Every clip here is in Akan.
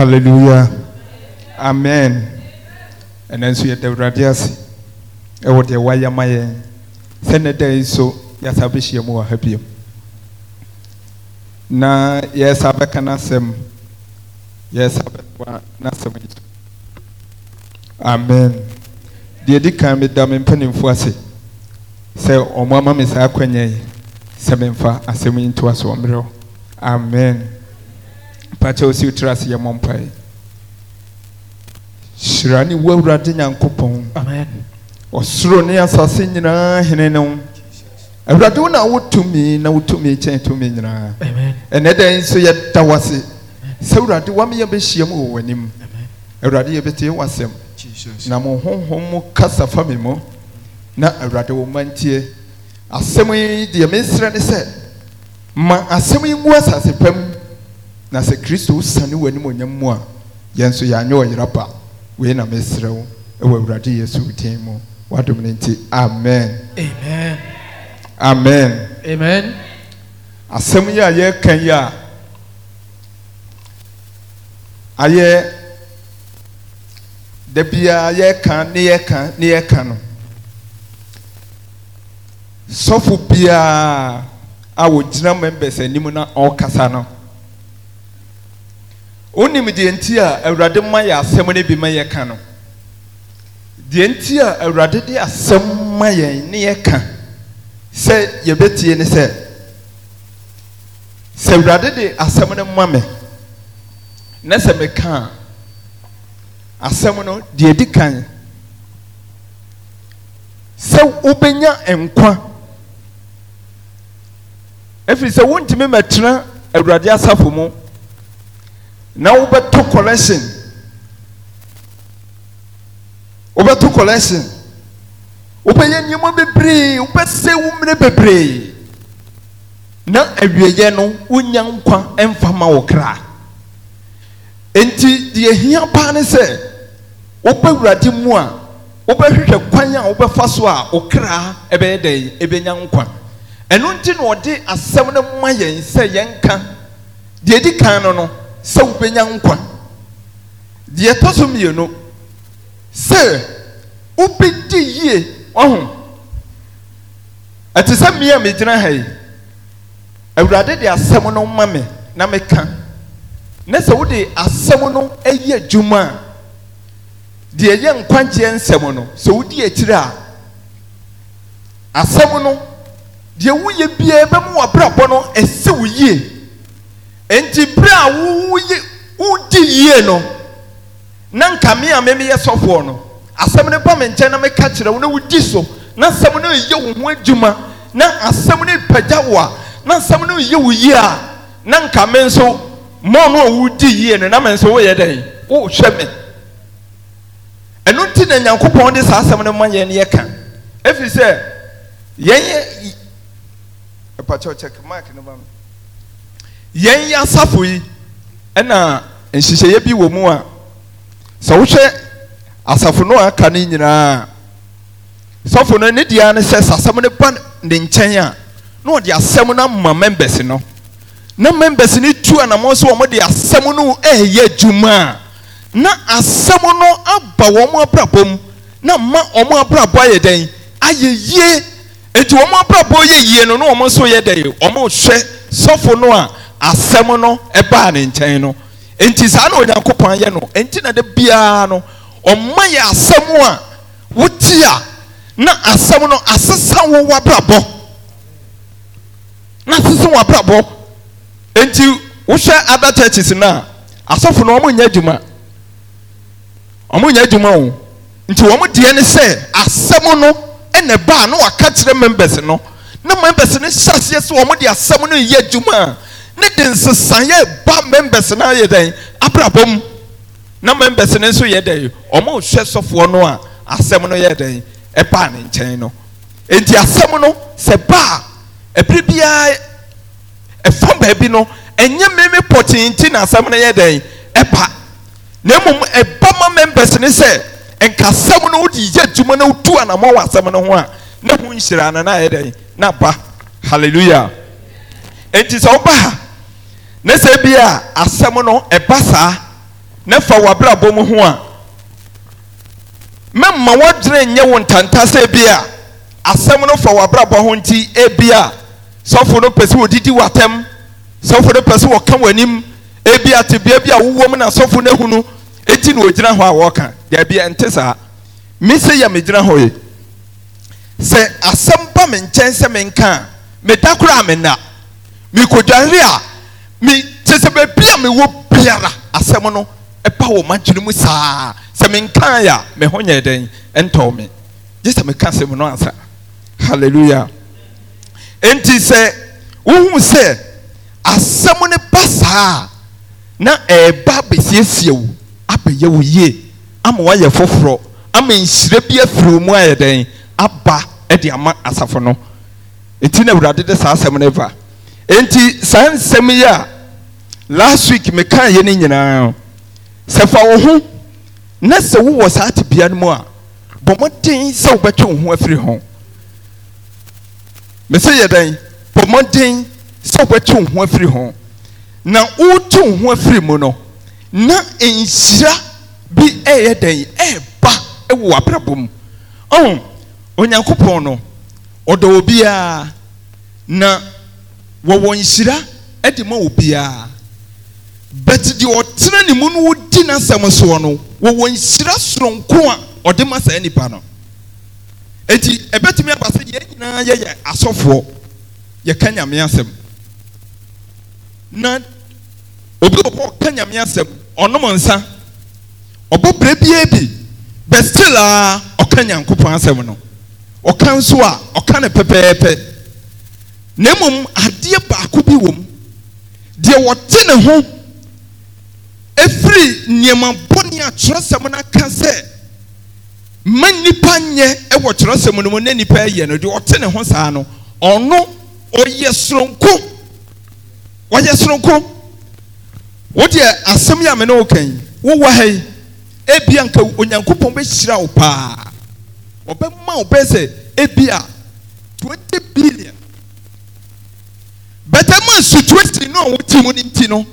Hallelujah, amen ɛnɛ nso yɛda awurade ase ɛwɔ deɛ wayɛ ma yɛn sɛnɛ da yi so yɛasa bɛhyia mu wɔ ha biom na yɛsa bɛka n'asɛm yɛsa bɛtoa n'asɛm yi so amen deɛ di kan meda me mpanimfoɔ ase sɛ ɔmo ama me saa akwanya yi sɛ memfa asɛm yi ntoa so ɔmmerɛw amen mpakyɛ wo si wo tiri ase yɛ mɔ mpae hyira ne wo awurade nyankopɔn ɔsoro ne asase nyinaa hene ne wo awurade wo na wotumi na wotumi kyɛn tumi nyinaa ɛnɛ dɛn nso yɛda wo ase sɛ awurade wame yɛbɛhyia mu wɔ w'anim awurade yɛbɛtie w'asɛm na mo honhom mu kasa fa me mu na awurade wo ma ntie asɛm yi deɛ mesrɛ ne sɛ ma asɛm yi ngu asase pam na sɛ kristo wosane w'animonyam mu a yɛn nso yɛanyɛ ɔyera pa wei na mesrɛ wo ɛwɔ awurade yesu din mu wadom no nti amen amen amen amen asɛm yi a yɛreka yi a ayɛ da biara yɛreka ne yɛreka ne yɛreka no sɔfo biara a wɔgyina members anim na ɔrekasa no wonim deɛ nti a awurade ma yɛ asɛm no bi ma yɛka no deɛ nti a awurade de asɛm ma yɛn ne yɛka sɛ yɛbɛtie ne sɛ sɛ awurade de asɛm no ma me na sɛ meka a asɛm no deɛ di kan sɛ wobɛnya nkwa ɛfiri sɛ wontumi mɛtena awurade asafo mu na wobɛto collection wobɛto collection wobɛyɛ nneɛma bebree wobɛsɛ wo mmerɛ bebree na awieɛ no wonya nkwa mfa ma wo kra enti deɛ hia paa ne sɛ wobɛ wurade mu a wobɛhwehwɛ kwan a wobɛfa so a wo kra ɛbɛyɛ dɛn ɛbɛnya nkwa ɛno nti na ɔde asɛm no ma yɛn sɛ yɛnka deɛ di kan no no sɛ wobɛnya nkwa deɛ ɛtɔ so mmienu sɛ wobɛdi yie ɔho ɛte sɛ mmea megyina ha yi awurade de asɛm no ma me na meka na sɛ wode asɛm no ayi adwuma a deɛ ɛyɛ nkwankyeɛ nsɛm no sɛ wodi akyire a asɛm no deɛ woyɛ biara bɛmu w'abrabɔ no ɛsi wo yie nti bere a wodi yie no na nka me a memeyɛ sɔfoɔ no asɛm no ba me nkyɛn na meka kyerɛ wo na wodi so na asɛm no ɛyɛ wo ho adwuma na asɛm no pagya wo a na asɛm no yɛ wo yie a na nka me nso mɔ no a wodi yie no na me nso woyɛ dɛn wohwɛ me ɛno nti na nyankopɔn de saa asɛm no ma yɛn no yɛka ɛfiri sɛ yɛn yɛ kyɛk mark no ba me yɛn yɛ asafo yi ɛna nhyehyɛeɛ bi wɔ mu a sɛ wohwɛ asafo no a aka no nyinaa sɔfo no ne deɛ ne sɛ sasɛm ne ba ne nkyɛn a na ɔde asɛm no ama members no na members no tu anamɔ so wɔn de asɛm no ɛɛyɛ adwuma a na asɛm no aba wɔn abrabɔ mu na ma wɔn abrabɔ ayɛ dɛn ayɛ yie eti wɔn abrabɔ yɛ yie no na wɔn nso yɛ dɛn wɔn rehwɛ sɔfo no a asɛm no ɛbaa ne nkyɛn no nti saa na onyankopɔn ayɛ no nti na de biara no ɔma yɛ asɛm a wote a na asɛm no asesa wo wabrabɔ na asesa wo wabrabɔ nti wohwɛ ada churches no a asɔfo no wɔn nyɛ adwuma wɔn nyɛ adwuma o nti wɔn deɛ ne sɛ asɛm no ɛna ɛbaa na waka kyerɛ members no na members no hyɛ aseɛ sɛ wɔn de asɛm no yɛ adwuma a ne de nsesaeɛ ba members no ayɛ dɛn abrabɔ mu na members no nso yɛ dɛn ɔmo hwɛ sɔfoɔ no a asɛm no yɛ dɛn ɛbaa ne nkyɛn no nti asɛm no sɛ baa ɛbiri biara ɛfam baabi no enye mmemme pɔtee nti na asɛm no yɛ dɛn ɛba na mmom ɛba ma members no sɛ nkasɛm no wode yɛ adwuma no wotu anamɔ wɔ asɛm no ho a ne ho nhyira no na ayɛ dɛn na ba hallelujah enti sɛ woba ne sɛ bi a asɛm no ɛba saa ne fa w'abrabɔ mu ho a mɛma wɔdwene nyɛ wo ntanta sɛ bi a asɛm no fa w'abrabɔ ho nti ebi a sɔfo no pɛ sɛ wɔdidi w'atɛm sɔfo no pɛ sɛ wɔka w'anim ebi a tebea bi a wowɔ mu na sɔfo no ehunu eti na ogyina hɔ a wɔka deɛbi a nte saa me sɛ yɛ megyina hɔ yi sɛ asɛm ba me nkyɛn sɛ menka a meda koraa mena mekodware a mi kyɛ sɛ baabi a wo biara asɛm no ɛba wɔ m'adwene mu saa sɛ menkae a me ho nyɛ dɛn ɛntɔw me gye sɛ meka asɛm no ansa halleluya enti sɛ wohu sɛ asɛm no ba saa na ɛɛba abɛsiesie wo abɛyɛ wo yie ama woayɛ foforɔ ama nhyira bi afiri wo mu ayɛ dɛn aba de ama asafo no enti na awurade de saa asɛm no ba enti saa nsɛm yi a last week meka yɛ ne nyinaa sefa fa wo ho na sɛ wowɔ saa tebea no mu a bɔ mmɔden sɛ wobɛtwe wo ho afiri ho mesɛ yɛ dɛn bɔ mmɔden sɛ wobɛtwe wo ho afiri ho na wotwe wo ho afiri mu no na nhyira bi ɛyɛ dɛn ɛɛba ɛwɔ w'abrabɔ mu ɔn onyankopɔn no ɔdɔ obiara na wɔwɔ nhyira ɛde ma obiara but deɛ ɔtena ne mu no wodi n'asɛm soɔ no wɔwɔ nhyira soronko a ɔde ma saa nipa no eti ɛbɛtumi aba sɛ yɛn nyinaa yɛyɛ asɔfoɔ yɛka nyame asɛm na obi wɔ hɔ ɔka nyame asɛm ɔnom nsa ɔbɔ bere bie bi but still a ɔka nyankopɔn asɛm no ɔka nso a ɔka ne pɛpɛɛpɛ na mmom adeɛ baako bi wɔ mu deɛ wɔte ne ho efiri nneɛma bɔnni a twerɛsɛm no ka sɛ mma nipa nyɛ ɛwɔ twerɛsɛm no mu ne nipa yɛ no deɛ ɔte ne ho saa no ɔno ɔyɛ soronko ɔyɛ soronko wodeɛ asɛm yi a me ne wo wowɔ ha yi ebi anka onyankopɔn bɛhyira wo paa ɔbɛma wo bɛyɛ sɛ ebi twenty billion bɛtɛ mu a situation no a wɔte mu no nti no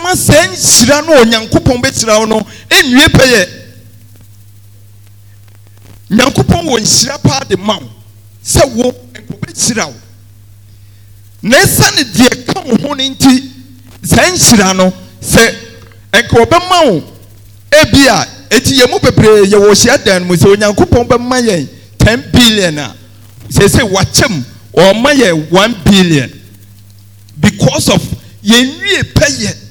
mma saa nhyira no onyankopɔn bɛkyira wo no ɛnwie pɛyɛ nyankopɔn wɔ nhyira paa de ma wo sɛ wo nkɔbɛkyira wo na ɛsiane deɛ ka wo ho no nti saa nhyira no sɛ nka wɔbɛma wo ebi a eti yɛn mu bebree yɛ wɔ hyia dan mu sɛ onyankopɔn bɛma yɛn ten billion a sese wakyɛm ɔma yɛ one billion because of yɛn nwie pɛ yɛ.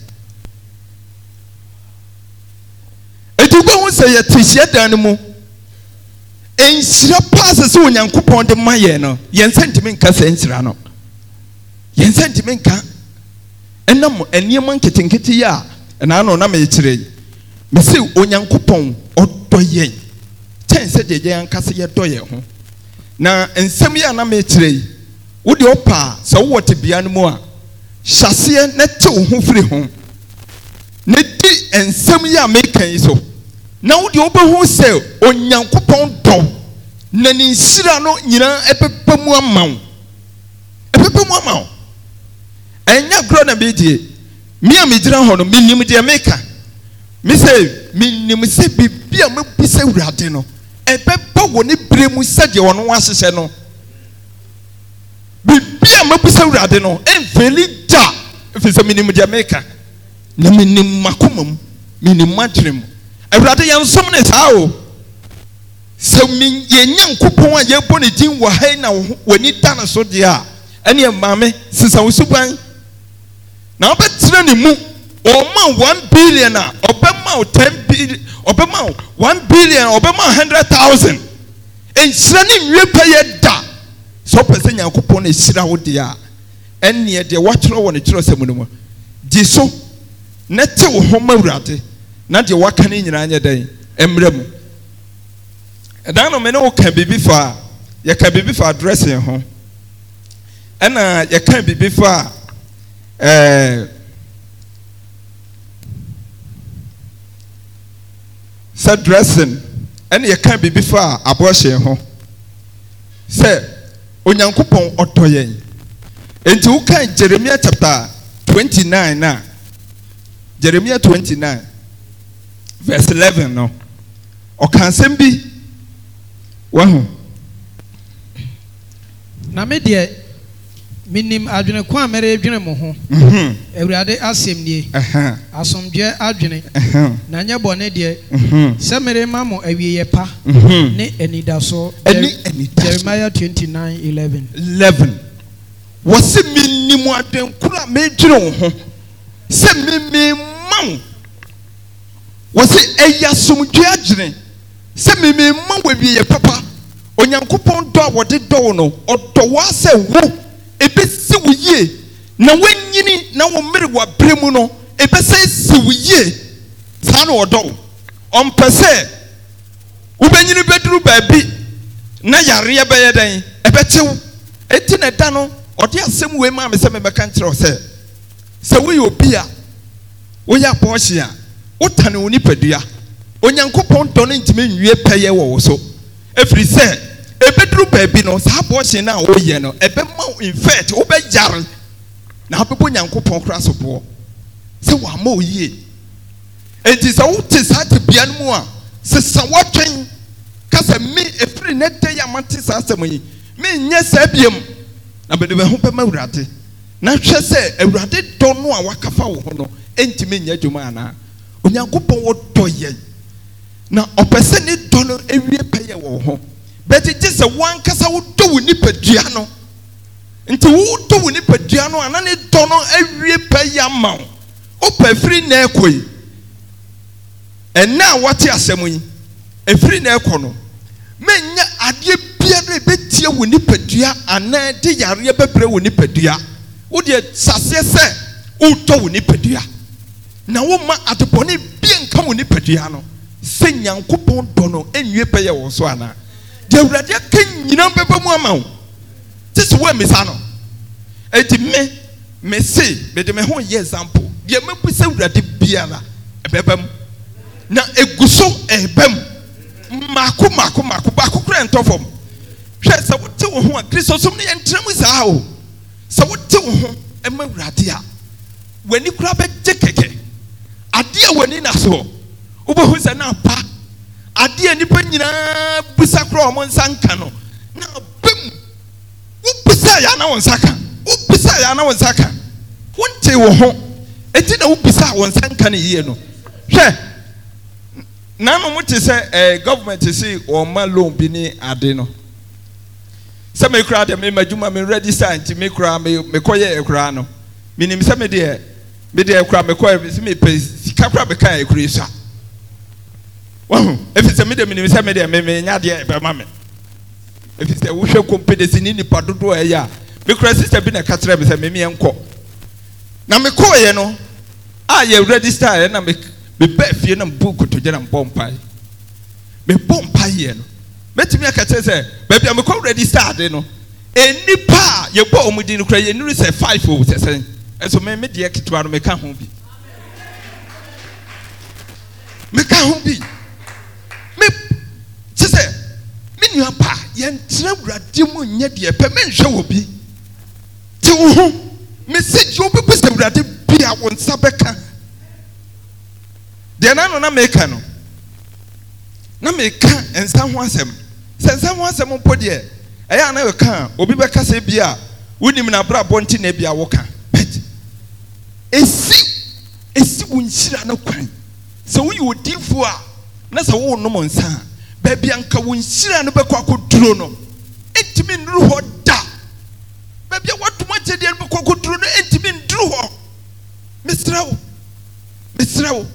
ɛti wobɛhu sɛ yɛte hyiadan no mu nhyira paa sɛ sɛ onyankopɔn de ma yɛn no yɛn nsa ntumi nka sɛ nhyira no yɛn nsa ntumi nka ɛnam nneɛma nketenkete yi a ɛnaa no nam ɛkyerɛ yi mɛsɛ onyankopɔn ɔdɔ yɛn kyɛn sɛ deɛ yɛn ankasa yɛdɔ yɛn ho na nsɛm yi a nam ɛkyerɛ yi wode ɔpa a sɛ wowɔ te bea no mu a hyɛseɛ na te wo ho firi ho na di nsɛm yi a meka yi so na wodeɛ wobɛhu sɛ onyankopɔn dɔ na ne nsira no nyinaa ɛpɛpɛ mu ama wo ɛpɛpɛ mu ama wo ɛnyɛ korɔ na meedie me a megyina hɔ no menim deɛ meka me sɛ menim sɛ biribi a mabisa awurade no ɛbɛba wɔ ne berɛ mu sɛdeɛ ɔno ahyehyɛ no biribi a mabisa awurade no ɛmfɛli da ɛfiri sɛ menim deɛ meka na menim makoma mu menim m'adwene mu awurade yɛn nsom ne saa o sɛ mi yɛn nya nkupɔn a yɛbɔ ne din wɔ ha na w'ani da ne so deɛ a ɛne yɛ maame sisan o suban na ɔbɛtena ne mu ɔma one billion a ɔbɛma o ten billion ɔbɛma o one billion ɔbɛma o hundred thousand nhyira ne nwie pɛ yɛ da sɛ ɔpɛ sɛ nyankopɔn na ɛhyira wo deɛ a ɛneɛ deɛ wɔatwerɛ wɔ ne twerɛ sɛ mu no mu di so na te wo ho ma awurade na deɛ waka no nyinaa nyɛ dɛn mmerɛ mu ɛdan no me ne wo ka biribi fa a yɛka biribi fa dressing ho ɛna yɛka biribi fa a ɛɛ sɛ dressing ɛna yɛka biribi fa a abɔhyɛn ho sɛ onyankopɔn ɔtɔ yɛn nti wokan jeremia chapter twenty nine na jeremia twenty nine verse eleven no ɔka nsɛm bi wahu. na me deɛ menim adwene ko a meredwene mo ho mhm. awurade asɛm nie asomdwoɛ adwene na nyɛ bɔne deɛ mhm. sɛ merema mo awieyɛ pa mhm. ne anidasoɔ jeremia 29 11 11 wɔ sɛ menim adwenkoro a medwene wo ho sɛ memema wo wɔsi ɛyɛ asomdwe agyene sɛ mimi ma yɛ papa onyankopɔn dɔ a wɔde dɔw no ɔdɔ wɔn asɛ wo ebesi wo yie na wɔnyini na wɔn mmiri wɔ abere mu no ebesɛ esi wo yie saa na ɔdɔ wo ɔmpɛ sɛ wobɛnyini bɛduru baabi na yareɛ bɛyɛ dɛn ɛbɛkyew eti na ɛda no ɔde asɛm wei maa mi sɛ mi bɛka nkyerɛw sɛ sɛ woyɛ obi a woyɛ apɔɔhye wotane wo nipadua onyankopɔn dɔ ne ntumi nwie pɛyɛ wɔ wo so ɛfiri sɛ ɛbɛduru baabi no saa bɔɔhye no a woyɛ no ɛbɛma infect wobɛyare na wobɛbɔ nyankopɔn kora so boɔ sɛ wama wo yie enti sɛ wote saa tebea no mu a sesa woatwen ka sɛ me ɛfiri ne dɛ yɛ amate saa asɛm yi menyɛ saa biam na mede bɛho bɛma awurade na hwɛ sɛ awurade dɔ no a wakafa wo ho no ɛntumi nyɛ adwuma anaa onyankopɔn wɔdɔ yɛn na ɔpɛ sɛ ne dɔ no awie pɛyɛ wɔ ho bɛti gye sɛ wankasa wodɔ wo nipadua no nti wodɔ wo nipadua no ana ne dɔ no awie pɛyɛ ama wo wopɛ firi na ɛkɔ yi ɛnna a wɔte asɛm yi efiri na ɛkɔ no menya adeɛ biara ebetie wo nipadua anaa de yareɛ bɛbrɛ wo nipadua wodeɛ saseɛ sɛ wotɔ wo nipadua na woma adebɔne bie nka wo nipadua no sɛ nyankopɔn dɔ no ɛnwie pɛyɛ wɔ so anaa deɛ awurade aka nyinaa bɛbɛ mu ama wo te sɛ woammisa no ɛnti me me mede me ho yɛ example deɛ mɛbu sɛ awurade biara ɛbɛbɛ mu na egu so ɛbɛ mu mmaako mmaako mmaako baako kora ntɔ fam hwɛ sɛ wote wo ho a kristo som no yɛntena mu saa o sɛ wote wo ho ɛma awurade a w'ani kora bɛgye kɛkɛ adeɛ wɔ ni na so wobɛhu sɛ na apa adeɛ nipa nyinaa busa korɔ wɔn nsa nka no na abam wobisa yɛ ana wɔn nsa ka wobisa yɛ ana wɔn nsa ka wonte wɔ ho eti na wobisa wɔn nsa nka no yie no hwɛ nanom te sɛ ɛɛ eh, gɔvmɛnti si wɔn ma loan bi ne ade no sɛ me kura deɛ me ma adwuma me register nti me kura me kɔ yɛ ɛkura no minim sɛ me deɛ me deɛ ɛkura me kɔ yɛ me pɛ sika kora bɛka ɛkura esua wɔn efi sɛ mi de mi nim sɛ mi de mi mi nya deɛ ɛbɛma mi efi sɛ wohwɛ kɔmpedesi ne nipa dodoɔ ɛyɛ a mi kura sista bi na ɛka kyerɛ mi sɛ mi mi yɛ nkɔ na mi kɔɔ yɛ no a yɛ register yɛ na mi mi bɛɛ fie na mi bu kotodwe na mi bɔ mpae mi bɔ mpae yɛ no mɛtumi aka kyerɛ sɛ baabi a mi kɔ register ade no enipa yɛ bɔ ɔmo di no kura yɛ nuru sɛ five o sɛ sɛn ɛso mi mi deɛ ketewa no mi ka ho bi meka ho bi me te sɛ me nua pa yɛntena awurade mu nyɛ deɛ pɛ menhwɛ wɔ bi te wo ho mesi gye wobɛpɛ sɛ awurade bia wo nsa bɛka deɛ na no na meka no na meka nsa ho asɛm sɛ nsa ho asɛm mpo deɛ ɛyɛ a na yɛka a obi bɛka sɛ bi a wonim na abrabɔ nti na bi a woka but ɛsi ɛsi wo nhyira no kwan sɛ woyɛ odiifoɔ a na sɛ wonom nsa a baabi anka wo nhyira no bɛkɔ akɔduro no ɛntumi nnuru hɔ da baabi a woatom akyɛdeɛ no bɛkɔ akɔduro no ɛntumi nduru hɔ mesrɛ wo mesrɛ wo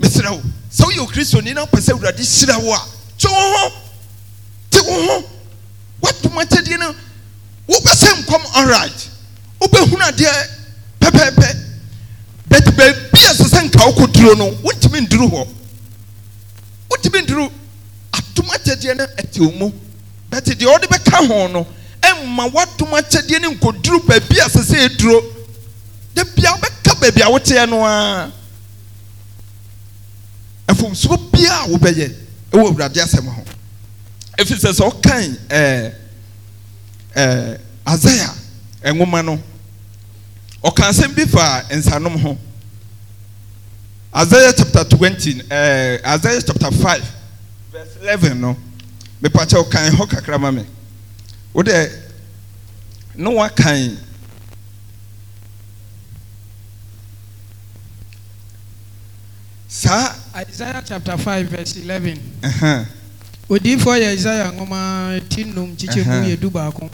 mesrɛ wo sɛ woyɛ okristoni na wopɛ sɛ awurade hyira wo a twe wo ho te wo ho woatom akyɛdeɛ no wobɛsɛ nkɔm alright wobɛhunu adeɛ pɛpɛɛpɛ but baabi a sɛ a wokɔ duro no wontumi nduru hɔ wontumi nduru atom akyɛdeɛ no ɛte wo bɛte deɛ ɔde bɛka ho no ɛmma woatom akyɛdeɛ no nkɔduru baabi a sɛ sɛ ɛduro da bia wobɛka baabi a woteɛ no a ɛfomsuo biaa wobɛyɛ ɛwɔ awurade asɛm ho ɛfiri sɛ sɛ ɔkan ɛɛ ɛɛ azaia nwoma no ɔka asɛm bi fa nsanom ho Isaiah chapter twenty, uh, Isaiah chapter five, verse eleven. no. Me pa kyɛw kan hɔ kakra ma me. Wo dɛ no wa kan saa. Isaiah chapter five, verse eleven. Uh -huh. Odiifoɔ yɛ Isaiah nwoma ti nnum kyikyɛ mu yɛ du baako.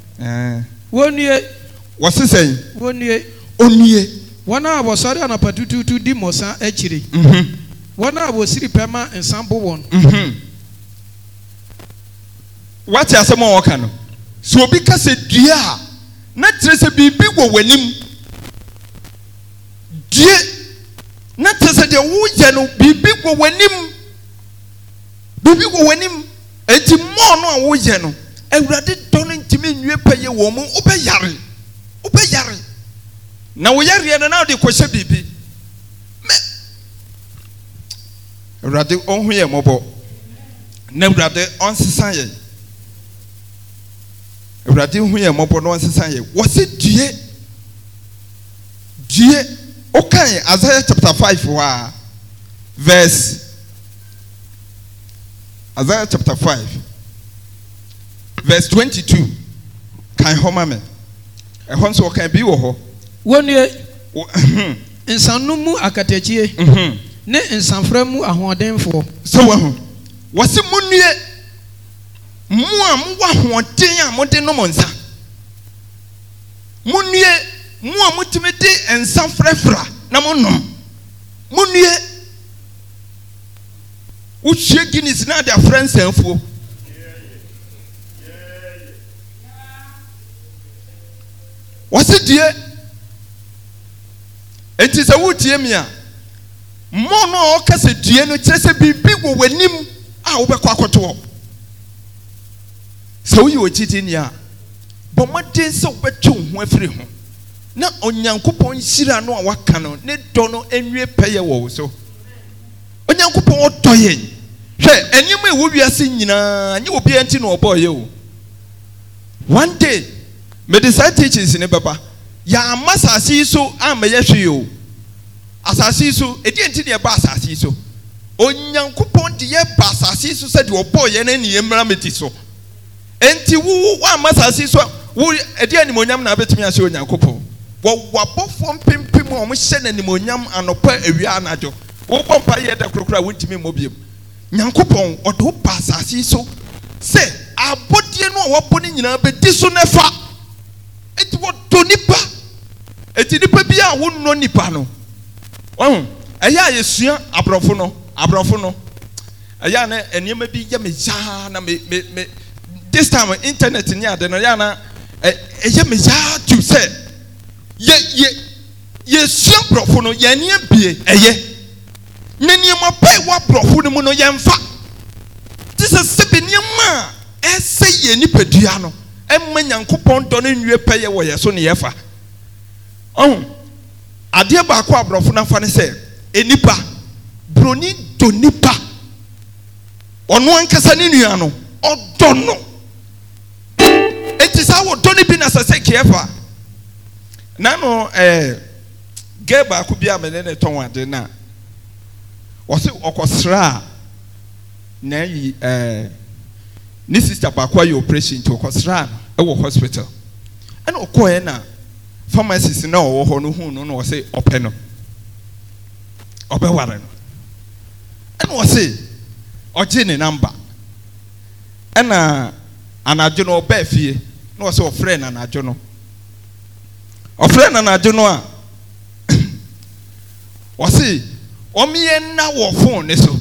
Wɔnue. Wɔsesɛn. Wɔnue. Onue wɔn mm-hmm. mm-hmm. a wɔsɔre anapa tututu di mmɔsa akyire wɔn a wɔsiri pɛ ma nsa bo wɔn. wate asɛm a wɔka no sɛ obi ka dua a na kyerɛ sɛ biribi wɔ w'anim due na kyerɛ sɛ deɛ woyɛ no biribi wɔ w'anim biribi wɔ w'anim eti mɔɔ no a woyɛ no awurade dɔ no ntumi nwie pɛyɛ wɔn mu wobɛyare wobɛyare na woyɛreɛ no na wode kɔhyɛ biribi awurade ɔnhu yɛ mmɔbɔ na awurade ɔnsesa yɛ awurade hu yɛ mmɔbɔ na ɔnsesa yɛ wɔsi due due ɔkan azaya chapter five hɔ verse azaya chapter five verse twenty two kan hɔ ma mi ɛhɔ nso ɔkan bi wɔ hɔ wɔnue nsanum mu akatakyie mhm. ne nsanfra mu ahoɔdenfoɔ. sɛ wɔn ho wɔsi mu nue mu a mu wɔ ahoɔden a mo de nom nsa mu nue mu a mutumi de nsa frɛfra na mo nom mu nue wosue guinness na de afrɛ nsanfuo. wɔsi die nti sɛ wotie mi a mmɔ no a ɔka sɛ due no kyerɛ sɛ biribi wɔ w'anim a wobɛkɔ akɔtoɔ sɛ woyɛ ogyidini a bɔ mmɔden sɛ wobɛtwe wo ho afiri ho na onyankopɔn hyira no a waka no ne dɔ no nwie pɛyɛ wɔ wo so onyankopɔn ɔdɔ yɛn hwɛ ɛnneɛma ɛwɔ wiase nyinaa nye obiara nti na ɔbɔɔ yɛ o one day mede saa teachings ne bɛba yàmà asase yi so amẹyẹ hwee o asase yi so edi eti deɛ ba asase yi so onyankopɔn de yɛ ba asase yi so sɛ deɛ ɔbɔ yɛ ne nea mmira mi ti so eti wo wàmà asase yi so wo edi animonyam na abetumi ase onyankopɔn wɔ wabɔfoɔ mpempem a wɔhyɛ no animonyam anɔpa awia anadwo wobɔ mpa yɛ da korokoro a wontumi mmɔ biom nyankopɔn ɔde ba asase yi so sɛ abɔdeɛ no a wɔabɔ no nyinaa bɛdi so no fa ɛnti wɔdɔ nipa eti nipa bi a wonno nipa no ɔhun ɛyɛ a yɛsua aborɔfo no aborɔfo no ɛyɛ a na nneɛma bi yɛ me yaa na me me me this time internet ni ade no ɛyɛ a na ɛ ɛyɛ me yaa tu sɛ yɛ yɛ yɛsua aborɔfo no yɛn ni ebie ɛyɛ na nneɛma pɛɛ wɔ aborɔfo no mu no yɛn fa te sɛ sebe nneɛma a ɛsɛ yɛn nipadua no ɛma nyankopɔn dɔ ne nwie pɛyɛ wɔ yɛ so ne yɛ fa ɔn adeɛ baako aborɔfo nafa ne sɛ enipa broni do nipa ɔno ankasa ne nua no ɔdɔ no eti saa wɔdɔ no bi na sɛ sɛ kieɛ fa nanu ɛɛ gɛɛ baako bi a mɛ ne ne tɔn ade na wɔsi ɔkɔsra a na ɛɛ ne sista baako ayɛ operation nti ɔkɔsra a ɛwɔ hospital ɛna ɔkɔɛ na. pharmacist na ɔwɔ hɔ no hu no na ɔsɛ ɔpɛ no ɔbɛware no ɛna ɔsɛ ɔgye ne namba ɛna anadwo no ɔbɛɛ fie na ɔsɛ ɔfrɛ na anadwo no ɔfrɛ na anadwo no a ɔsɛ ɔmeyɛ nna wɔ fon ne so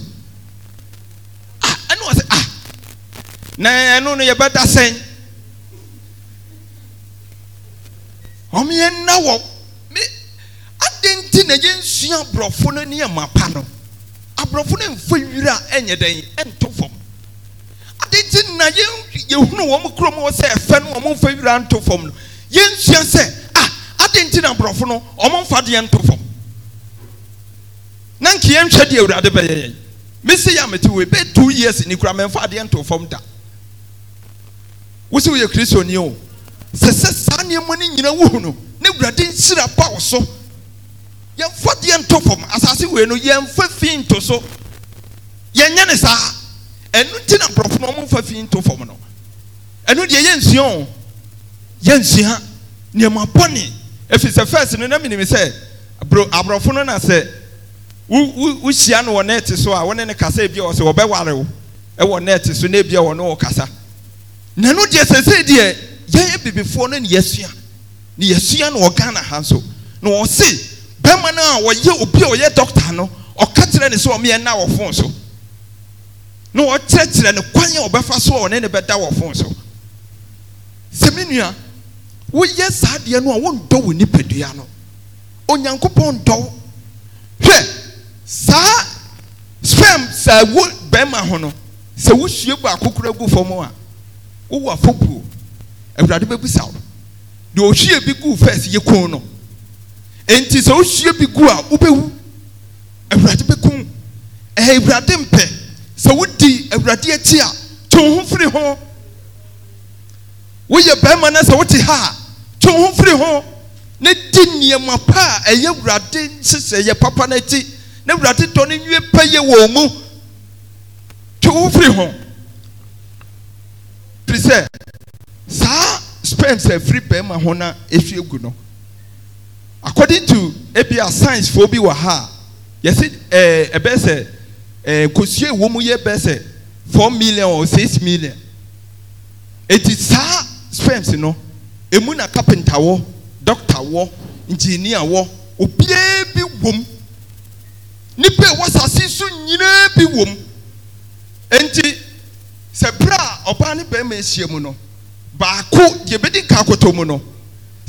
ah ɛna ɔsɛ a ah, na ɛno no yɛbɛda sɛn. wɔn yɛn na wɔ me adi nti na yɛn sua aborɔfo no ne ɛma pa no aborɔfo no nfa wira ɛnyɛ dɛn ɛnto fam adi nti na yɛn yɛhunu wɔn kurom wɔ sɛ ɛfɛ no wɔn nfa wira nto fam no yɛn sua sɛ ah adi nti na aborɔfo no wɔn nfa deɛ nto fam na nkeɛ nhwɛ deɛ awurade bɛyɛ yɛn mesi yɛ amete wei bɛ two years ni kura mɛnfa adeɛ nto fam da wosi woyɛ kristo ni o sɛ sɛ saa nneɛma no nyina wohu no ne wurade nhyira ba wo so yɛmfa deɛ nto fam asase wei no yɛmfa fi nto so yɛnyɛ ne saa ɛno nti na borɔfo no ɔmomfa fi nto fam no ɛno deɛ yɛnsua o yɛnsua nneɛma bɔne ɛfiri sɛ fɛs no na menim sɛ aborɔfo no na sɛ wohyia no wɔ nɛɛte so a wo ne ne kasa bi wɔ sɛ wɔbɛware ɛwɔ nɛɛte so na ebia wɔ ne wɔ kasa na no deɛ sɛsɛ deɛ yɛyɛ bibifoɔ no ne yɛsua ne yɛsua no wɔ ghana ha nso na wɔse bɛrima no a wɔyɛ obi a ɔyɛ dɔkta no ɔka kyerɛ ne sɛ ɔmeyɛ na wɔ fon so na wɔkyerɛkyerɛ ne kwan a ɔbɛfa so a ɔne ne bɛda wɔ fon so sɛ woyɛ saa deɛ no a wondɔ wɔ nipadua no onyankopɔn dɔ hwɛ saa spam saa wo bɛrima ho no sɛ wosue baako kora gu fam a wowɔ afɔbuo awurade bɛ busa wo deɛ ohwie bi gu fɛs yɛ kun no nti sɛ ohwie bi gu a wobɛwu awurade bɛ kun ɛyɛ awurade mpɛ sɛ wodi awurade akyi a tɔn ho firi ho woyɛ bɛrima na sɛ wote ha a tɔn ho firi ho na di nneɛma pa a ɛyɛ awurade nhyehyɛeɛ papa n'akyi na awurade dɔ ne nwie pɛyɛ wɔn mu tɔn ho firi ho firi sɛ. depends ɛfiri bɛrima ho na efi egu according to ebia science foɔ bi wɔ ha a yɛsi ɛɛ ɛbɛɛ sɛ ɛɛ kosue wɔ mu yɛ bɛɛ four million or six million eti saa sperms no emu na carpenter wɔ doctor wɔ engineer wɔ obiara bi wɔ mu nipa ɛwɔ sase so nyinaa bi wɔ mu eti sɛ bere a ɔbaa ne bɛrima ahyia mu no. baako deɛ bɛdi nka akɔtɔ mu no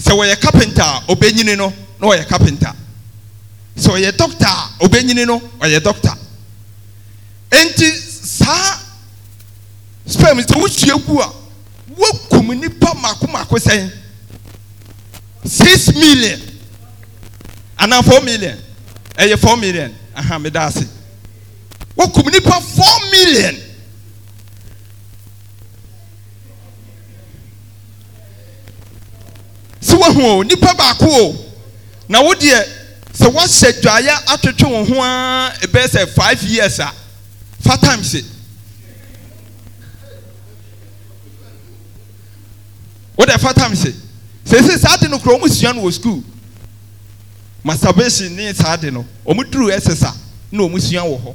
sɛ wɔyɛ kapenta a ɔbɛnyini no na wɔyɛ kapenta sɛ ɔyɛ dɔkta a ɔbɛnyini no ɔyɛ dɔkta nti saa sperm sɛ wosua gu a wokum nipa mako mako sɛn six million anaa four million ɛyɛ four million aha meda ase wokum nipa four million. sɛ woahu o nnipa baako o na wo deɛ sɛ woahyɛ dwaeɛ atwetwe wo ho a ɛbɛyɛ sɛ five years a fa time se wode fa time se sese saa de no koraa ɔmo sua no wɔ sukuu masturbation ne saa de no ɔmo duru ɛsesa na ɔmo sua wɔ hɔ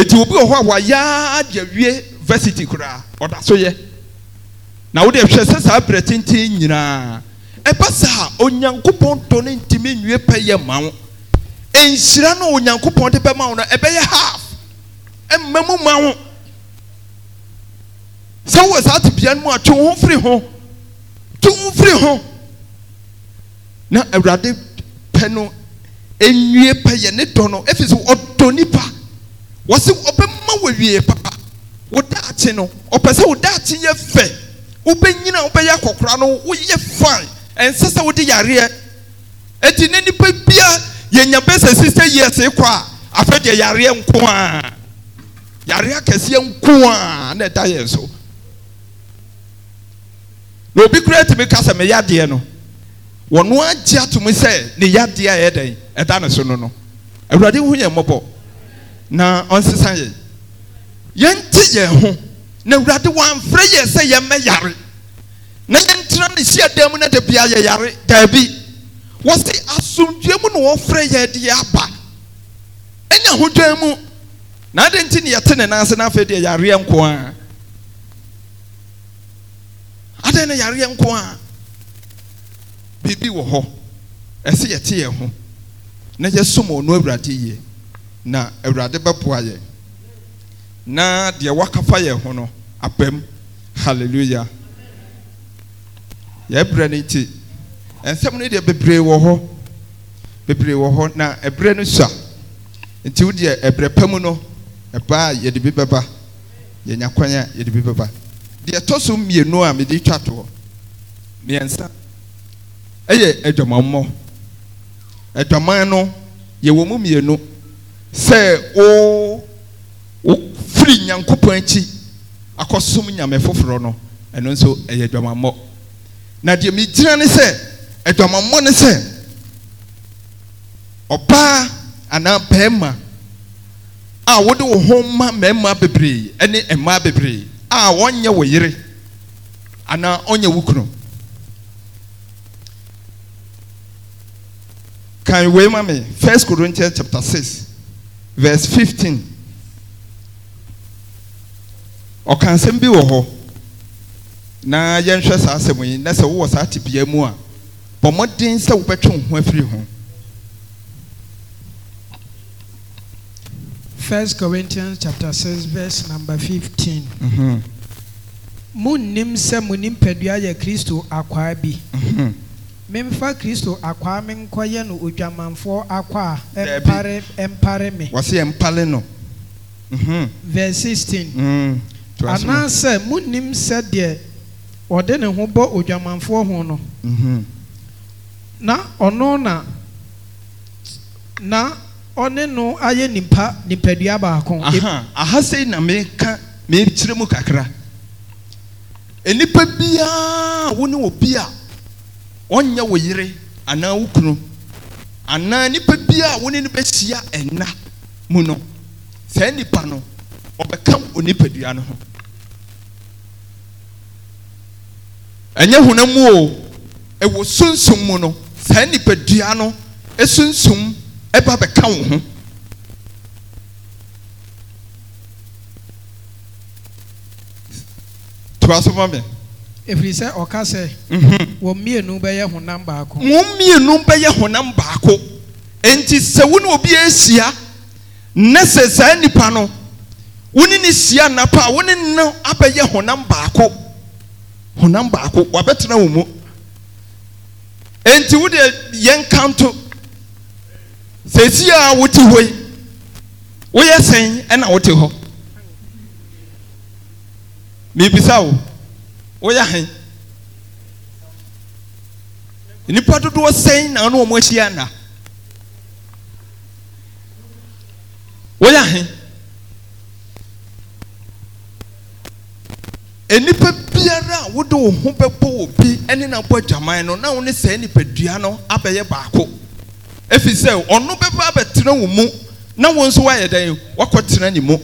eti obi wɔ hɔ a wayaa gya wie varsity koraa ɔda so yɛ na wode hwɛ sɛ saa berɛ tenten nyinaa ɛba saa onyankopɔn tɔ no ntumi nwie pɛyɛ ma wo nhyira no onyankopɔn de bɛma wo no ɛbɛyɛ half ɛmma mu ma wo sɛ wowɔ saa tebea no mu a twe ho firi ho twe wo firi ho na awurade pɛ no nwie pɛyɛ ne dɔ no ɛfiri sɛ ɔdɔ nipa wɔ ɔbɛma wɔ wie papa wo daakye no ɔpɛ sɛ wo daakye yɛ fɛ wobɛnyina wobɛyɛ akɔkora no woyɛ fine ɛnsɛ sɛ wode yareɛ eti ne nipa bia yɛnya bɛsɛ sista years kɔ a afɛ deɛ yareɛ nko a yareɛ kɛseɛ nko a na ɛda yɛn so na obi kura tumi kasa mɛ yadeɛ no wɔn agye atum sɛ ne yadeɛ a yɛdɛn ɛda ne so no no awurade ho yɛn mmɔbɔ na ɔnsesa yɛn yɛn ti yɛn ho na awurade wamfrɛ yɛ sɛ yɛmmɛ yare na yɛntena ne hyia dan mu na da bia yɛ yare daabi wɔse asomdwe mu na wɔfrɛ yɛ de aba ɛnya hodwan mu na adɛn nti ne yɛte ne nan ase na afei deɛ yareɛ nko a adɛn ne yareɛ nko a biribi wɔ hɔ ɛsɛ yɛte yɛn ho na yɛsom ɔno awurade yie na awurade bɛboa yɛn na deɛ wakafa yɛn ho no abam hallelujah yɛbrɛ no nti nsɛm no deɛ bebree wɔ hɔ bebree wɔ hɔ na ɛbrɛ no sua nti wo deɛ ɛbrɛ pa mu no ɛbaa yɛde bi bɛba yɛnya kwan a yɛde bi bɛba deɛ ɛtɔ so mmienu a mede twa toɔ mmiɛnsa ɛyɛ adwamammɔ adwaman no yɛwɔ mu mmienu sɛ wo wo firi nyankopɔn akyi akɔsom nyame foforɔ no ɛno nso ɛyɛ adwamammɔ na deɛ megyina ne sɛ adwamammɔ ne sɛ ɔbaa anaa barima a wode wo ho ma mmarima bebree ne mmaa bebree a wɔnyɛ wo yere anaa ɔnyɛ wo kunu kan wei ma me first corinthians chapter 6 verse 15 ɔka asɛm bi wɔ hɔ na yɛnhwɛ saa asɛm yi na sɛ wowɔ saa tebea mu a bɔ mmɔden sɛ wobɛtwe wo ho afiri ho 1 Corinthians chapter 6 verse number 15 monnim mm-hmm. sɛ mo nimpadua yɛ kristo akwaa bi mm-hmm. memfa kristo akwaa me nkɔyɛ no odwamanfoɔ akwa a ɛmpare ɛmpare me wɔse ɛmpare no mm-hmm. verse 16 anaasɛ monim sɛdeɛ ɔde ne ho bɔ odwamanfoɔ ho no mm-hmm. na ɔno na na ɔne no ayɛ nipa nipadua baako aha sɛi na meka mekyerɛ mu kakra nnipa biara wo ne wɔ bi a ɔnyɛ wo yere anaa wo kunu anaa nnipa biara wo ne no bɛhyia ɛna mu no saa nnipa no ɔbɛka onipadua no ho ɛnyɛ honam mu o ɛwɔ sunsun mu no saa nipadua no esunsun ɛba bɛka wo ho tuba so ma mi. efiri sɛ ɔka sɛ. Mhm. wɔn mmienu bɛyɛ honam baako. wɔn mmienu bɛyɛ honam baako nti sɛ wo na obi ehyia ne sɛ saa nipa no. wone ne sia n'apa a wone no abɛyɛ honam baako honam baako wabɛtena wo mu enti wode yɛnka nto sɛsi a wote hɔ yi woyɛ sɛn ɛna wote hɔ miribisa wo woyɛ ahen nnipa dodoɔ sɛn na ɔne ɔmo ahyia na woyɛ ahen enipa biara a wode wo ho bɛbɔ obi ne nabɔ adwaman no na wo ne saa nipadua no abɛyɛ baako ɛfiri sɛ ɔno bɛba abɛtena wo mu na wo nso woayɛ dɛn woakɔtena ne mu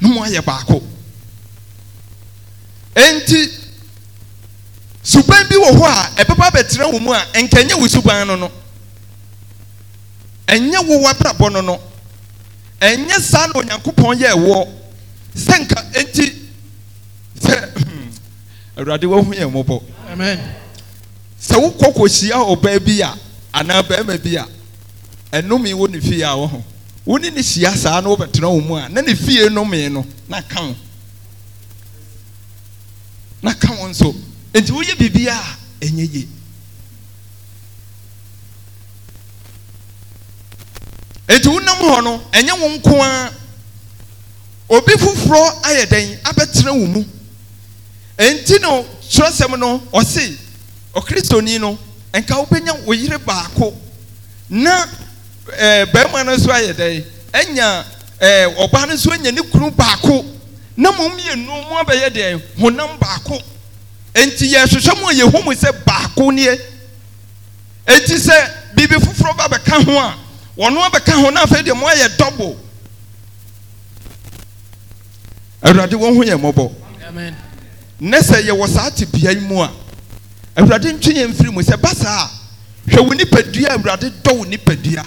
na mo ayɛ baako enti suban bi wɔ hɔ a ɛbɛba abɛtena wo mu a nkɛnyɛ wo suban no no ɛnyɛ wo w'abrabɔ no no ɛnyɛ saa na onyankopɔn yɛ ɛwɔ sɛ nka enti sɛ hmm, awurade wahu yɛn mmɔbɔ sɛ wokɔ kɔhyia ɔbaa bi a anaa barima bi a ɛnome wɔ ne fie a wɔ ho wo ne ne hyia saa na wobɛtena wo mu a na ne fie nomee no na ka wo na ka wo nso enti woyɛ biribi a ɛnyɛ yie eti wonam hɔ no ɛnyɛ wo nko ara obi foforɔ ayɛ dɛn abɛtena wo mu enti no twerɛsɛm no ɔse ɔkristoni no nka wobɛnya wo baako na ɛɛ bɛrima no nso ayɛ dɛn ɛnya ɛɛ ɔbaa no nso anya ne kunu baako na mo mmienu mo abɛyɛ dɛn honam baako enti yɛhwehwɛ mu a yɛhu mu sɛ baako nie eti sɛ biribi foforɔ ba bɛka ho a wɔn abɛka ho na afei deɛ mo ayɛ dɔbo awurade wɔn ho yɛ mɔbɔ ne sɛ yɛwɔ saa te bea yi mu a awurade ntwe yɛn mfiri mu sɛ ba saa hwɛ wo nipadua awurade dɔ wo nipadua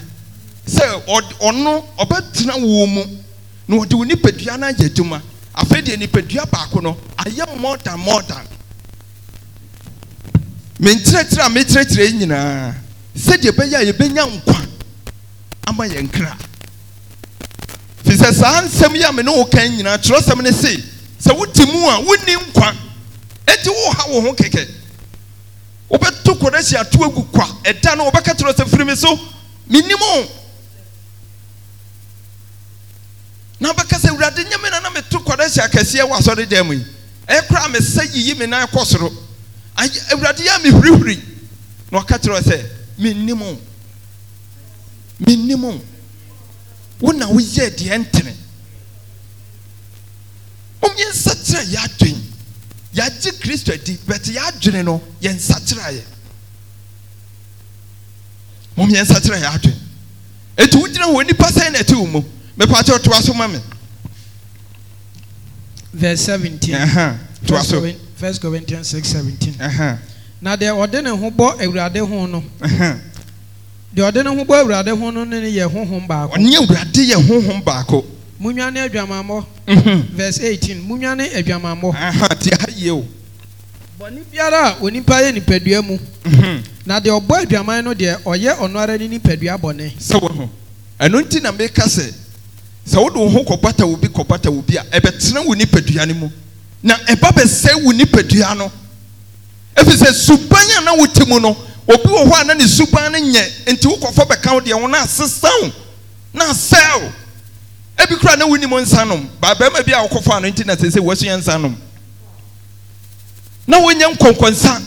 sɛ ɔno ɔbɛtena wo mu na ɔde wo nipadua no ayɛ adwuma afei deɛ nipadua baako no ayɛ more than me nkyerɛkyerɛ a mekyerɛkyerɛ yi nyinaa sɛdeɛ ɛbɛyɛ a yɛbɛnya nkwa ama yɛn kra fi sɛ saa nsɛm yi a me ne wo kan nyinaa kyerɛsɛm ne se sɛ wote mu a wonni nkwa enti woha wo ho kɛkɛ wobɛto kɔda si ato agu kwa ɛda no wobɛka kyerɛ sɛ firi me so mennim o na bɛka sɛ awurade nyɛ me na na meto kɔda si akɛseɛ wɔ asɔre dan mu yi ɛyɛ koraa mesɛ yiyi me nan kɔ soro awurade yɛ a mehurihuri na ɔka kyerɛ sɛ mennim o Minimum, wo na woyɛɛ deɛ ntene ɔmyɛnsa kyerɛ yɛadwen yɛagye kristo adi but yɛadwene no yɛnsa kyerɛ yɛ momyɛnsa kyerɛ yɛadwen ɛti wogyina hɔ nipa sɛn na ɛte wo mu mepa kyɛ toa so ma verse seventeen. uh-huh. First so corinthians six seventeen. uh-huh. na deɛ ɔde ne ho bɔ awurade ho no uh-huh. deɛ ɔde ne ho bɔ awurade ho no ne yɛ honhom baako ɔne awurade yɛ honhom baako munwane adwamammɔ mhm. verse 18 munwane adwamammɔ te ha yie o bɔne biara a onipa yɛ nipadua mu mhm. na deɛ ɔbɔ adwaman no deɛ ɔyɛ ɔno ara ne nipadua bɔne sɛ ɛno nti na meka sɛ sɛ wode wo ho kɔbata wo kɔbata wo a ɛbɛtena wo nipadua no mu na ɛba bɛsɛe wo nipadua no ɛfiri sɛ suban a na wote mu no obi wɔ hɔ a na ne suban no nyɛ nti wokɔfɔ bɛka wo deɛ wo no asesa wo na asɛe ebi kura na wonim nsa nom baabarima bi a wokɔfɔ ano nti na sɛsɛ wɔasua nsa nom na wonyɛ nkɔnkɔnsa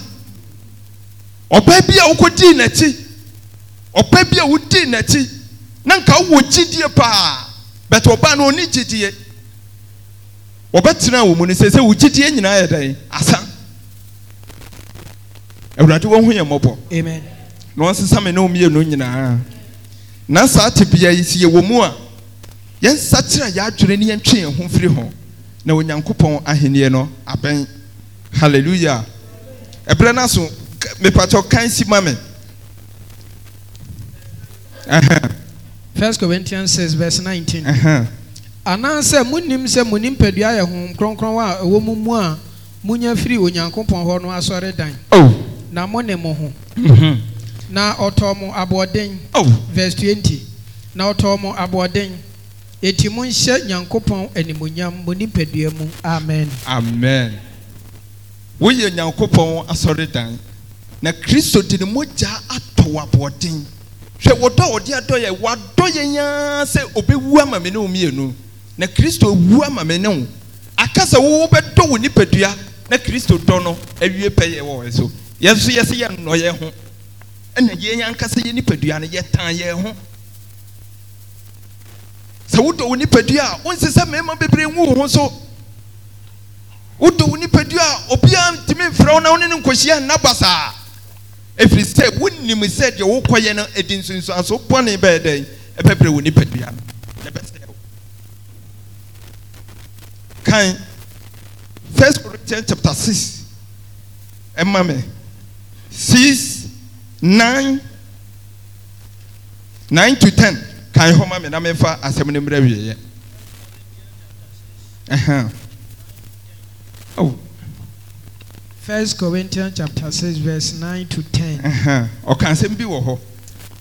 ɔbaa bi a wokɔdii n'akyi ɔbaa bi a wodii n'akyi na nka wowɔ gyidie paa bɛtɛ ɔbaa no ɔne gyidie wɔbɛtena wɔ mu no sɛsɛ wo gyidie nyinaa yɛ dɛn asa awurade wɔn ho yɛ mmɔbɔ na wɔn sesa mi ne wɔn mmienu nyinaa na saa tebea yi si yɛ wɔ mu a yɛn nsakyera yɛ adwene ne yɛn twe yɛn ho firi ho na onyankopɔn ahenni no abɛn hallelujah ɛbrɛ no so mepatɔ kan si ma me First Corinthians says, verse 19. Anaasɛ munim sɛ mo nimpadua yɛ ho nkronkron a ɛwɔ mu mu a munya firi onyankopɔn hɔ no asɔre dan. Oh na mo ne mo ho mhm. na ɔtɔn mo aboɔden oh. verse twenty na ɔtɔn mo aboɔden eti mo nhyɛ nyankopɔn animonyam mo nipadua mu amen. amen woyɛ nyankopɔn asɔredan na kristo de ne mogya atɔ aboɔden hwɛ wɔdɔ wɔde adɔ yɛ wadɔ yɛ nyaa sɛ obewu ama me ne na kristo wu ama me ne wo aka sɛ wo wobɛdɔ nipadua na kristo dɔ no awie pɛ yɛ wɔ so yɛn nso yɛsi yɛn nnɔyɛ ho ɛna yɛn ankasa yɛn nipadua no yɛtan yɛn ho sɛ wodɔ wo nipadua a wonsi sɛ mmarima bebree ngu wo ho so wodɔ wo nipadua a obiara ntumi mfrɛ wo na wo ne no nkɔhyia nna basaa ɛfiri sɛ wonim sɛ deɛ wokɔyɛ no ɛdi nsonsuanso bɔne bɛyɛ dɛn ɛbɛbrɛ wo nipadua no kan first corinthians chapter six ɛma me six nine nine to ten kan hɔ ma mi na mi fa asɛm ne mmerɛ wieɛ ɛhɛn oh first corinthians chapter six verse nine to ten. ɔka nsɛm bi wɔ hɔ.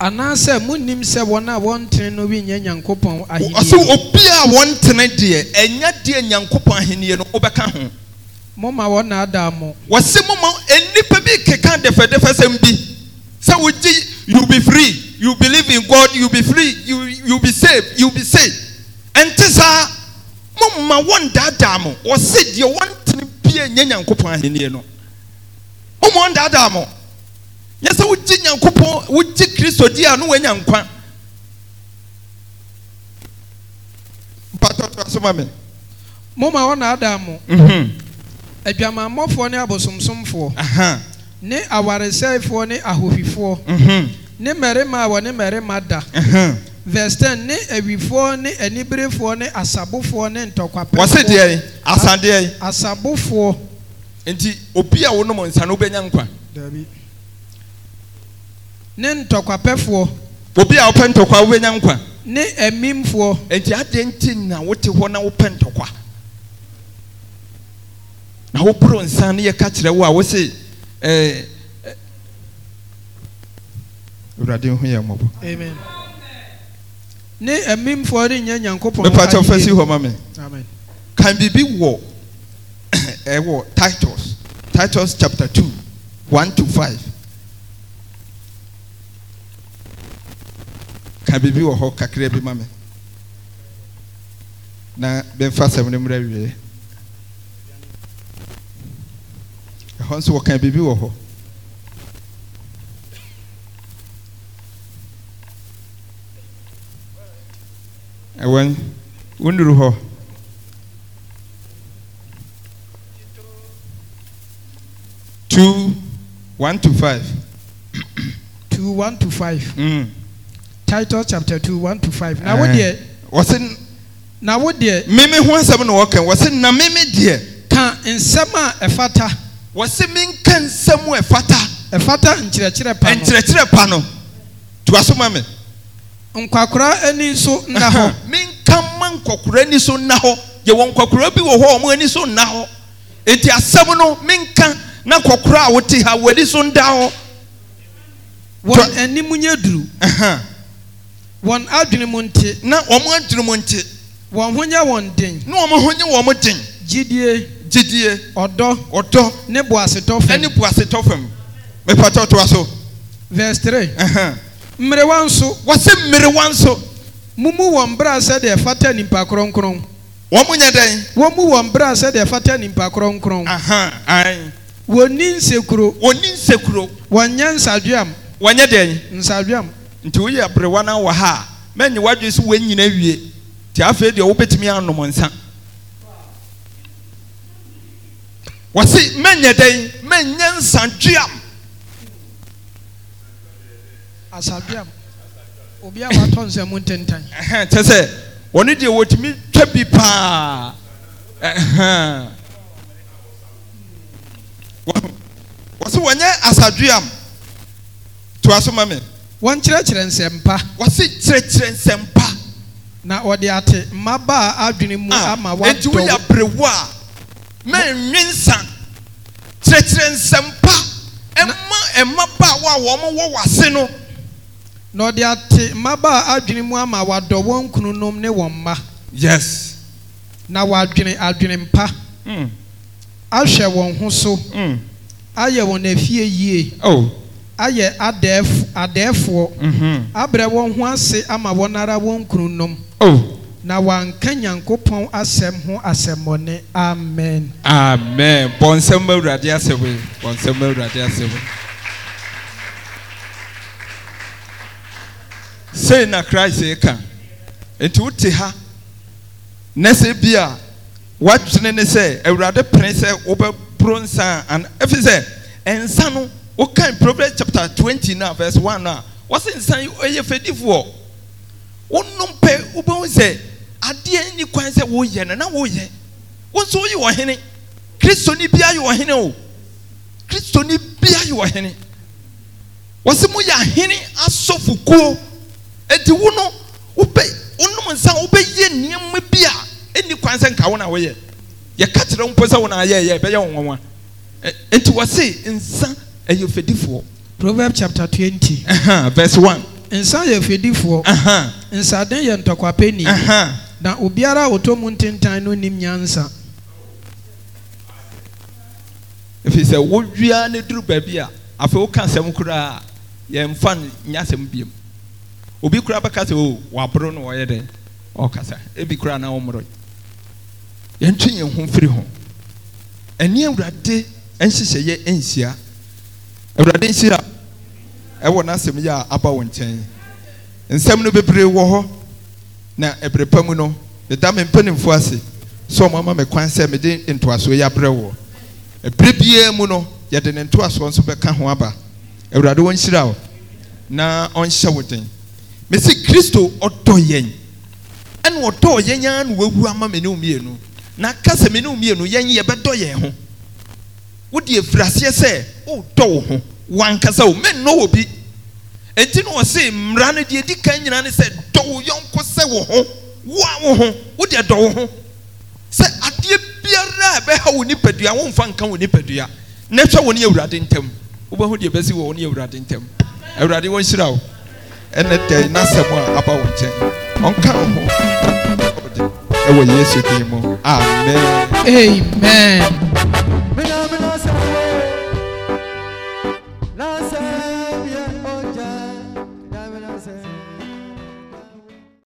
anaasɛ munim sɛ wɔn a wɔntene no bi nyɛ nyankopɔn ahenni. ɔsɛ obi a wɔntene deɛ ɛnyɛ deɛ nyankopɔn ahenni no ɔbɛka ho moma wɔn na ada mo. wɔsi moma nipa bi keka dɛfɛdɛfɛ sɛm bi sɛ wogye you be free you believe in god you be free you you be saved you be saved ɛnti saa moma wɔn daadaa mo wɔsi deɛ wɔn tene bie nye nyankopɔn ahenni no moma wɔn daadaa mo nyɛ sɛ wogye nyankopɔn wogye kristo di a no wɔ nya nkwa mpatɔtɔ so ma mi. moma wɔn na ada mo adwamammɔfoɔ ne abosomsomfoɔ ne awaresɛefoɔ ne ahohwifoɔ mhm. ne mmarima a wɔne mmarima da verse ten ne awifoɔ ne aniberefoɔ ne asabofoɔ ne ntɔkwapɛfoɔ wɔsi deɛ asadeɛ asabofoɔ nti obi a wɔnom nsa no wobɛnya nkwa ne ntɔkwapɛfoɔ obi a wɔpɛ ntɔkwa wobɛnya nkwa ne ɛmimfoɔ nti adeɛ nti na wote hɔ na wopɛ ntɔkwa na woporo nsa ne yɛka kyerɛ wo a wo se eh, eh, awurade ho yɛ mmɔbɔ ne mmemfoɔ renyɛ nyankopɔn mepatɛ fa si hɔ ma me kan biribi wɔ ɛwɔ titus titus chapter 2 1 to 5 ka biribi wɔ hɔ kakra bi ma me na bɛmfa asɛm no mmra wieɛ ɛhɔ nso wɔka biribi wɔ hɔ ɛwɔ wonduru hɔ two one to five. two one to five. Mm. title chapter two one to five. Eh, na wo deɛ. wɔsi. na wo deɛ. mímí hu asɛm na wɔkɛ wɔsi na mímí deɛ. ka nsɛm a ɛfata wɔsi mi nka nsɛm ɛfata. ɛfata nkyerɛkyerɛ pa no nkyerɛkyerɛ pa no tuba so ma mi. nkwakora ani so nna hɔ. mi nka ma nkwakora ani so nna hɔ yɛ wɔ nkwakora bi wɔ hɔ a ani so nna hɔ nti asɛm no mi nka na nkwakora a wɔte ha wɔn ani so nda hɔ. wɔn anim nye duru. wɔn adwene mu nte. na wɔn adwene mu nte. wɔn ho nye wɔn den. na wɔn ho nye wɔn den. gyidie gyidie ɔdɔ ɔdɔ ne boasetɔ fam ɛne boasetɔ fam mepatɔ toa so verse three mmerewa nso wɔsi mmerewa nso mumu wɔn bra sɛdeɛ fata nipa kronkron wɔn mu nyɛ dɛn wɔn mu wɔn bra sɛdeɛ fata nipa kronkron wɔni nsekuro wɔni nsekuro wɔnyɛ nsaduam wɔnyɛ dɛn nsaduam nti woyɛ aberewa na wɔ ha mɛ nyi wadwi so wɔn nyina wie te afei deɛ wobɛtumi anom nsa. Wasi mɛnyɛ dɛn mɛnyɛ nsaduam asaduam obi a watɔ nsɛm ntentan. kyɛ sɛ wɔn deɛ wɔtumi twɛ bi paa wɔsi wɔnyɛ asaduam to aso ma mi. wɔn kyerɛkyerɛ nsɛmpa. wɔsi kyerɛkyerɛ nsɛmpa. na wɔde ate mmabaa adwene mu ah, ama wɔatɔ. etu yɛ aberewa. menwe nsa kyerɛkyerɛ nsɛmpa ɛma mmabaawa a wɔn wɔ wase no na ɔde ate mmabaa adwene mu ama wadɔ wɔn kununom ne wɔn mma yes na wadwene adwene mpa hmm. ahwɛ wɔn ho so hmm. ayɛ wɔn afie yie oh. ayɛ adɛɛfoɔ mm-hmm. abrɛ wɔn ho ase ama wɔn ara wɔn kununom oh. na wanka nyankopɔn asɛm ho asɛmmɔne amen amen bɔ nsɛm awurade asɛm yi bɔ nsɛm awurade asɛm sei na christ ka nti wote ha na sɛ bi a woadwene ne sɛ awurade pene sɛ wobɛboro nsa an ɛfiri sɛ nsa no wokan proverbs chapter 20 na verse 1 a wɔse nsa yi ɛyɛ fɛdifoɔ wonom pɛ wobɛhu sɛ adeɛ ni kwan sɛ wɔyɛ no na wɔyɛ wɔn nso wɔyɛ wɔn hene kristoni bia yɛ wɔn hene o kristoni bia yɛ wɔn hene wɔsi mo yɛ ahene asɔfokuo eti wo no wobɛ wonum nsa wobɛyɛ nneɛma bi a ɛni kwan sɛ nka wɔn a wɔyɛ yɛka kyerɛ mpo sɛ wɔn a yɛyɛ ɛbɛyɛ wɔn wɔn a eti wɔsi nsa ɛyɛ fɛdifoɔ. proverbs chapter twenty. verse one nsa yɛ fedifoɔ nsaden yɛ ntɔkwapɛni na obiara a wɔtɔ mu ntentan no nim nyansa ɛfiri sɛ wodua ne duru baabi a afei woka asɛm koraa yɛmfa no nyɛ asɛm biom obi koraa bɛka sɛ o oh, waboro no wɔyɛ dɛ ɔkasa ebi koraa na wɔmmorɔ yɛntwe yɛn ho mfiri ho ɛne awurade nhyehyɛeɛ nhyia awurade nhyira ɛwɔ n'asɛm yi a aba wɔn nkyɛn nsɛm no bebree wɔ hɔ na ɛbere pa mu no deda me mpanimfoɔ ase sɛ ɔmo ama me kwan sɛ me de ntoasoɔ yi abrɛ wɔ ɛbere biara mu no yɛde ne ntoasoɔ nso bɛka ho aba awurade wɔn nhyira o na ɔnhyɛ wo den mesi kristo ɔdɔ yɛn ɛna ɔdɔ yɛn ara na wawu ama me ne mmienu na kasa me ne wo mmienu yɛn yɛbɛdɔ yɛn ho wodi efiraseɛ sɛ ɔdɔ wo ho wankasa wo mɛ nnɔ wɔ bi enti na wɔse mmara no deɛ ɛdi kan nyinaa ne sɛ dɔ wo yɔnko sɛ wo ho wo a wo ho wo deɛ dɔ wo ho sɛ adeɛ biara a ɛbɛha wo nipadua womfa nka wo nipadua na hwɛ wo ne awurade ntam wobɛhu deɛ bɛsi wɔ wo ne awurade ntam awurade wɔnhyira wo ɛnɛ dɛ n'asɛm a aba wo nkyɛn ɔnka wo ho ɛwɔ yesu din mu amen amen